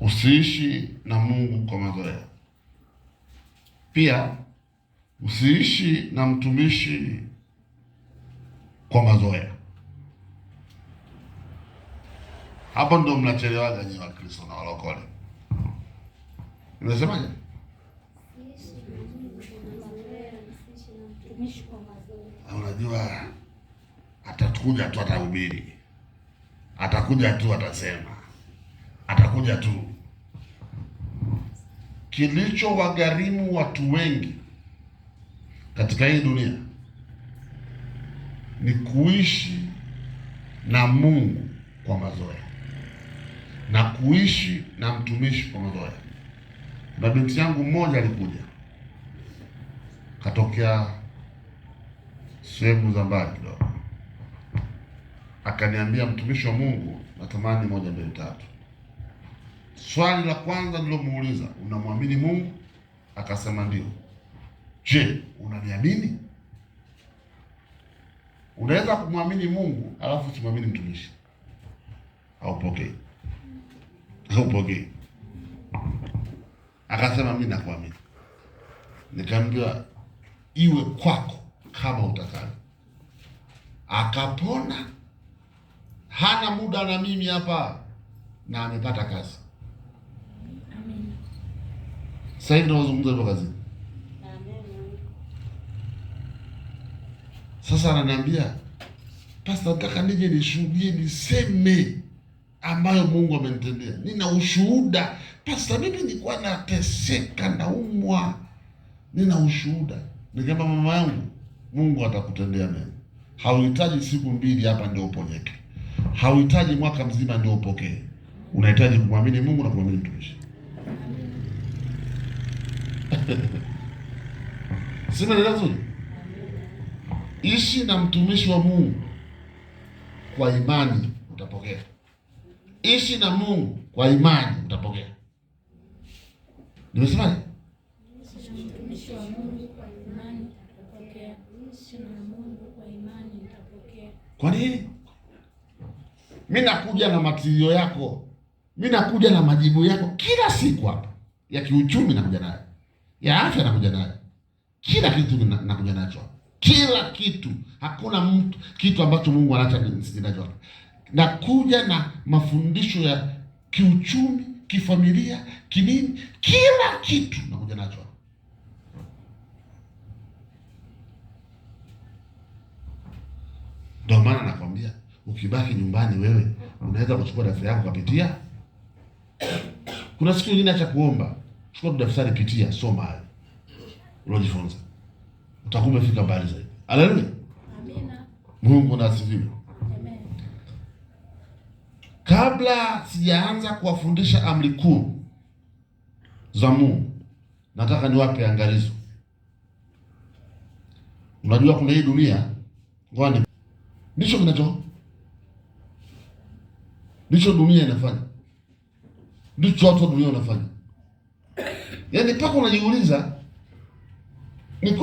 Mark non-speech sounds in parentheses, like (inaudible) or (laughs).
Usiishi na Mungu kwa mazoea. Pia usiishi na mtumishi kwa mazoea. Hapo ndo mnachelewaga nyinyi Kristo na walokole. Unasemaje? Ah, unajua, atakuja tu atahubiri, atakuja tu atasema atakuja tu. kilicho wagarimu watu wengi katika hii dunia ni kuishi na Mungu kwa mazoea na kuishi na mtumishi kwa mazoea. Na binti yangu mmoja alikuja katokea sehemu za mbali kidogo, akaniambia mtumishi wa Mungu, natamani moja mbili tatu Swali la kwanza nilomuuliza, unamwamini Mungu? Akasema ndio. Je, unaniamini? Unaweza kumwamini Mungu alafu usimwamini mtumishi, haupokei haupokei. Akasema mi nakuamini. Nikaambiwa iwe kwako kama utakavyo. Akapona, hana muda na mimi hapa, na amepata kazi. Sasa hivi tunazungumza hivyo kazini. Sasa ananiambia Pasta, nataka nije nishuhudie, niseme ambayo Mungu amenitendea. Nina ushuhuda Pasta, mimi nilikuwa nateseka, naumwa, nina ushuhuda. Nikamwambia mama yangu, Mungu atakutendea mema. Hauhitaji siku mbili hapa ndio uponyeke, hauhitaji mwaka mzima ndio upokee. Unahitaji kumwamini Mungu na kumwamini mtumishi. Sinaelewa (laughs) vizuri. Ishi na mtumishi wa Mungu kwa imani, utapokea. Ishi na Mungu kwa imani, utapokea. Nimesemaje? Kwa nini? Mi nakuja na matirio yako, mi nakuja na majibu yako kila siku hapa ya kiuchumi, nakuja nayo ya afya nakuja nayo, kila kitu nakuja nacho, kila kitu. Hakuna mtu kitu ambacho Mungu anaacha ninacho. Nakuja na mafundisho ya kiuchumi, kifamilia, kinini, kila kitu nakuja nacho. Ndio maana nakwambia ukibaki nyumbani wewe unaweza kuchukua dafu yako ukapitia. Kuna siku nyingine acha kuomba Chukua daftari, pitia, soma hayo unajifunza, utakuwa umefika mbali zaidi. Haleluya, amina. Mungu na asifiwe. Kabla sijaanza kuwafundisha amri kuu za Mungu, nataka niwape angalizo. Unajua kuna hii dunia ngwani, ndicho kinacho ndicho dunia inafanya, ndicho watu wa dunia wanafanya Yaani mpaka unajiuliza ni kweli